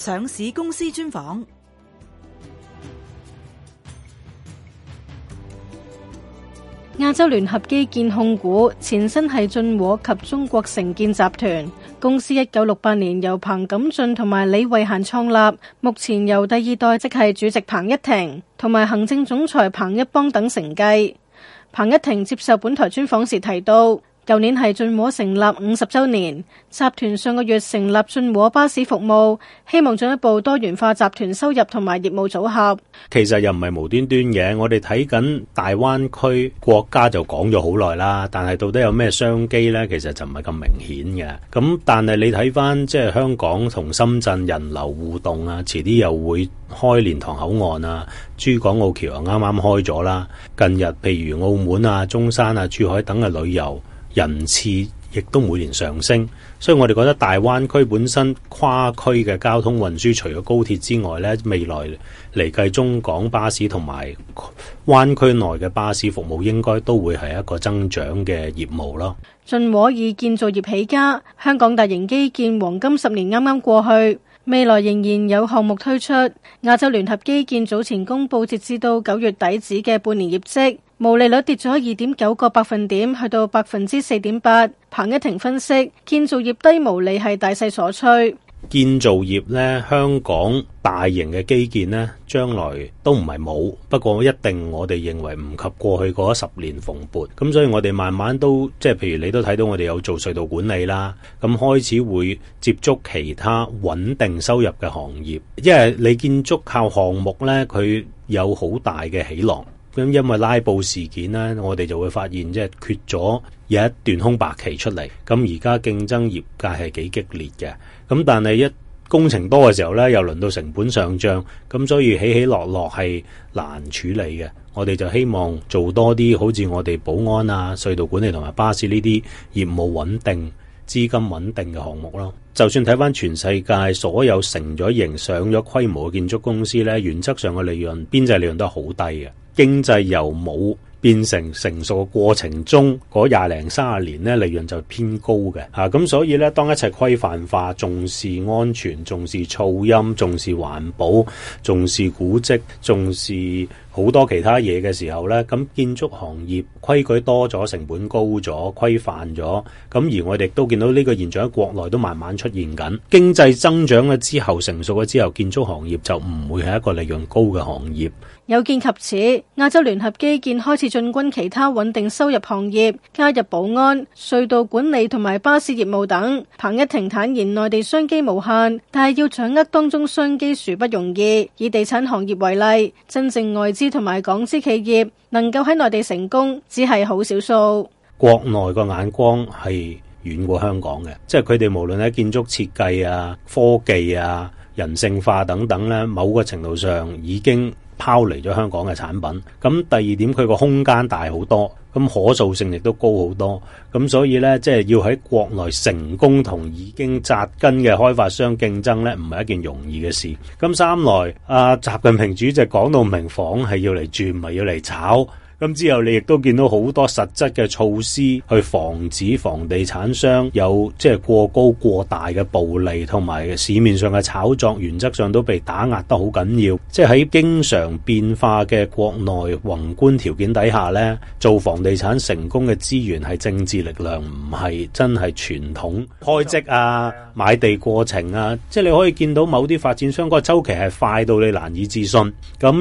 上市公司專訪：亞洲聯合基建控股，前身係俊和及中國城建集團。公司一九六八年由彭錦俊同埋李蕙嫻創立，目前由第二代即係主席彭一庭同埋行政總裁彭一邦等承繼。彭一庭接受本台專訪時提到。舊年係俊和成立五十週年，集團上個月成立俊和巴士服務，希望進一步多元化集團收入同埋業務組合。其實又唔係無端端嘅，我哋睇緊大灣區國家就講咗好耐啦，但係到底有咩商機呢？其實就唔係咁明顯嘅。咁但係你睇翻即係香港同深圳人流互動啊，遲啲又會開蓮塘口岸啊，珠港澳橋啊啱啱開咗啦。近日譬如澳門啊、中山啊、珠海等嘅旅遊。人次亦都每年上升，所以我哋覺得大灣區本身跨區嘅交通運輸除咗高鐵之外咧，未來嚟計中港巴士同埋灣區內嘅巴士服務應該都會係一個增長嘅業務咯。俊和以建造業起家，香港大型基建黃金十年啱啱過去，未來仍然有項目推出。亞洲聯合基建早前公布截至到九月底止嘅半年業績。毛利率跌咗二點九個百分點，去到百分之四點八。彭一庭分析，建造業低毛利係大勢所趨。建造業呢，香港大型嘅基建呢，將來都唔係冇，不過一定我哋認為唔及過去嗰十年蓬勃。咁所以，我哋慢慢都即係，譬如你都睇到我哋有做隧道管理啦，咁開始會接觸其他穩定收入嘅行業，因為你建築靠項目呢，佢有好大嘅起落。咁因為拉布事件咧，我哋就會發現即係缺咗有一段空白期出嚟。咁而家競爭業界係幾激烈嘅，咁但係一工程多嘅時候咧，又輪到成本上漲，咁所以起起落落係難處理嘅。我哋就希望做多啲好似我哋保安啊、隧道管理同埋巴士呢啲業務穩定、資金穩定嘅項目咯。就算睇翻全世界所有成咗型、上咗規模嘅建築公司咧，原則上嘅利潤邊際利潤都係好低嘅。經濟由冇變成成熟嘅過程中，嗰廿零三十年咧，利潤就偏高嘅嚇。咁、啊、所以咧，當一切規範化，重視安全，重視噪音，重視環保，重視古蹟，重視好多其他嘢嘅時候咧，咁建築行業規矩多咗，成本高咗，規範咗。咁而我哋都見到呢個現象喺國內都慢慢出現緊，經濟增長咗之後成熟咗之後，建築行業就唔會係一個利潤高嘅行業，有見及此，亞洲聯合基建開始進軍其他穩定收入行業，加入保安、隧道管理同埋巴士業務等。彭一庭坦言，內地商機無限，但係要掌握當中商機殊不容易。以地產行業為例，真正外資。同埋港資企業能夠喺內地成功，只係好少數。國內個眼光係遠過香港嘅，即係佢哋無論喺建築設計啊、科技啊、人性化等等咧，某個程度上已經。拋離咗香港嘅產品。咁第二點，佢個空間大好多，咁可塑性亦都高好多，咁所以呢，即係要喺國內成功同已經扎根嘅開發商競爭呢，唔係一件容易嘅事。咁三來，阿、啊、習近平主席講到明，房係要嚟住，唔係要嚟炒。咁之後，你亦都見到好多實質嘅措施去防止房地產商有即係過高過大嘅暴利，同埋市面上嘅炒作，原則上都被打壓得好緊要。即係喺經常變化嘅國內宏觀條件底下呢，做房地產成功嘅資源係政治力量，唔係真係傳統開徵啊、買地過程啊。即係你可以見到某啲發展商嗰個週期係快到你難以置信。咁而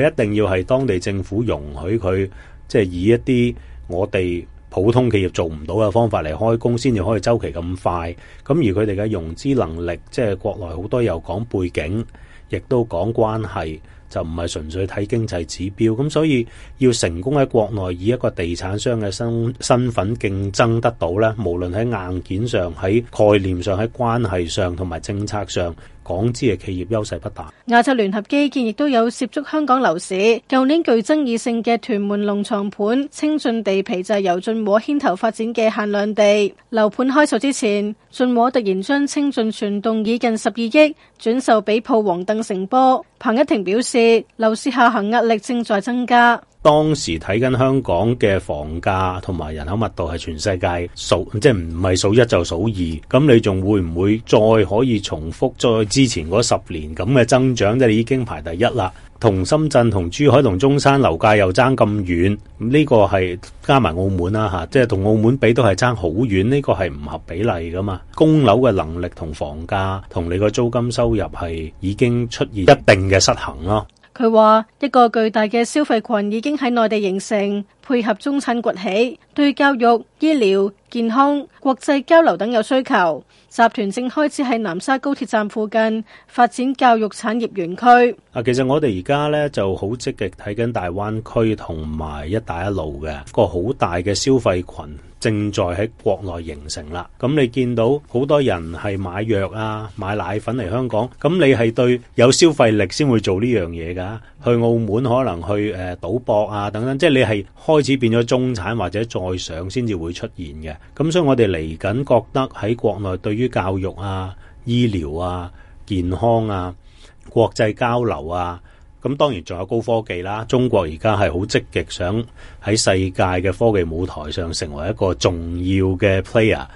佢一定要係當地政府容許佢。即係以一啲我哋普通企業做唔到嘅方法嚟開工，先至可以周期咁快。咁而佢哋嘅融資能力，即係國內好多又講背景，亦都講關係。就唔係純粹睇經濟指標，咁所以要成功喺國內以一個地產商嘅身身份競爭得到咧，無論喺硬件上、喺概念上、喺關係上同埋政策上，港資嘅企業優勢不大。亞洲聯合基建亦都有涉足香港樓市，舊年具爭議性嘅屯門農場盤清進地皮就係由俊和牽頭發展嘅限量地樓盤開售之前，俊和突然將清進傳動以近十二億轉售俾鋪王鄧成波。彭一庭表示。樓市下行壓力正在增加。當時睇緊香港嘅房價同埋人口密度係全世界數，即係唔係數一就數二。咁你仲會唔會再可以重複再之前嗰十年咁嘅增長？即係已經排第一啦，同深圳、同珠海、同中山樓價又爭咁遠。呢個係加埋澳門啦吓，即係同澳門比都係爭好遠。呢個係唔合比例㗎嘛？供樓嘅能力同房價同你個租金收入係已經出現一定嘅失衡咯。佢話：一個巨大嘅消費群已經喺內地形成，配合中產崛起，對教育、醫療、健康、國際交流等有需求。集團正開始喺南沙高鐵站附近發展教育產業園區。啊，其實我哋而家呢就好積極睇緊大灣區同埋一帶一路嘅個好大嘅消費群。正在喺國內形成啦。咁你見到好多人係買藥啊、買奶粉嚟香港，咁你係對有消費力先會做呢樣嘢㗎。去澳門可能去誒、呃、賭博啊等等，即係你係開始變咗中產或者再上先至會出現嘅。咁所以我哋嚟緊覺得，喺國內對於教育啊、醫療啊、健康啊、國際交流啊。咁當然仲有高科技啦，中國而家係好積極想喺世界嘅科技舞台上成為一個重要嘅 player，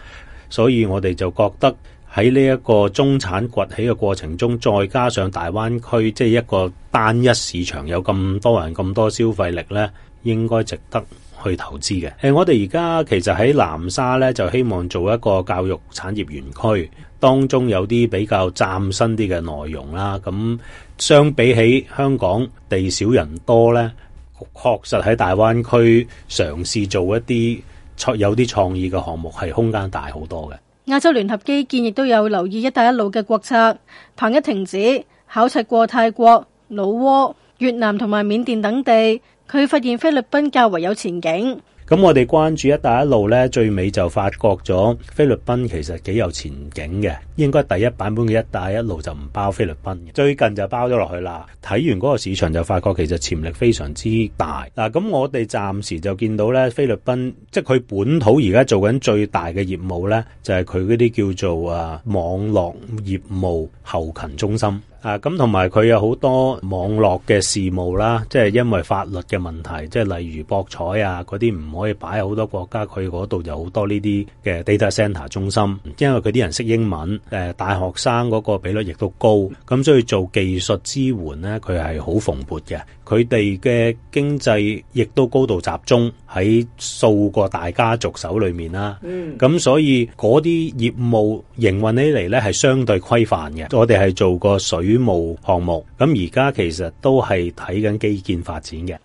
所以我哋就覺得喺呢一個中產崛起嘅過程中，再加上大灣區即係一個單一市場有咁多人咁多消費力咧，應該值得。去投資嘅，誒，我哋而家其實喺南沙咧，就希望做一個教育產業園區，當中有啲比較嶄新啲嘅內容啦。咁相比起香港地少人多呢，確實喺大灣區嘗試做一啲有啲創意嘅項目，係空間大好多嘅。亞洲聯合基建亦都有留意一帶一路嘅國策，彭一庭指，考察過泰國、老撾。越南同埋緬甸等地，佢發現菲律賓較為有前景。咁我哋關注一帶一路咧，最尾就發覺咗菲律賓其實幾有前景嘅。應該第一版本嘅一帶一路就唔包菲律賓，最近就包咗落去啦。睇完嗰個市場就發覺其實潛力非常之大嗱。咁我哋暫時就見到咧，菲律賓即係佢本土而家做緊最大嘅業務咧，就係佢嗰啲叫做啊網絡業務後勤中心。啊，咁同埋佢有好多網絡嘅事務啦，即係因為法律嘅問題，即係例如博彩啊，嗰啲唔可以擺喺好多國家。佢嗰度有好多呢啲嘅 data center 中心，因為佢啲人識英文，誒、呃、大學生嗰個比率亦都高，咁所以做技術支援咧，佢係好蓬勃嘅。佢哋嘅經濟亦都高度集中喺數個大家族手裏面啦。咁、嗯、所以嗰啲業務營運起嚟呢係相對規範嘅。我哋係做過水務項目，咁而家其實都係睇緊基建發展嘅。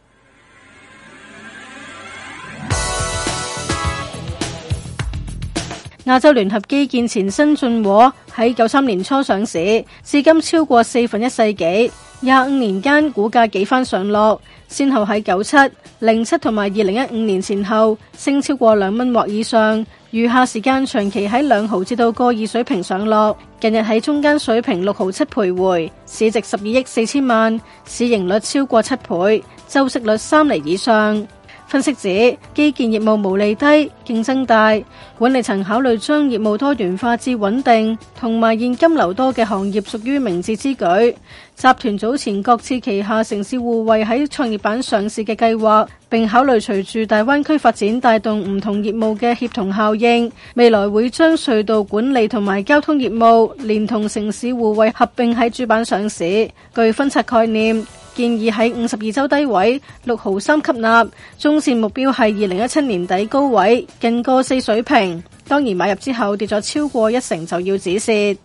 亞洲聯合基建前身俊和喺九三年初上市，至今超過四分一世紀。廿五年間股價幾番上落，先後喺九七、零七同埋二零一五年前後升超過兩蚊或以上，餘下時間長期喺兩毫至到個二水平上落，近日喺中間水平六毫七徘徊，市值十二億四千萬，市盈率超過七倍，周息率三厘以上。分析指基建業務毛利低、競爭大，管理層考慮將業務多元化至穩定，同埋現金流多嘅行業屬於明智之舉。集團早前擱置旗下城市護衛喺創業板上市嘅計劃，並考慮隨住大灣區發展帶動唔同業務嘅協同效應，未來會將隧道管理同埋交通業務連同城市護衛合併喺主板上市，具分拆概念。建議喺五十二周低位六毫三吸納，中線目標係二零一七年底高位近個四水平。當然買入之後跌咗超過一成就要止蝕。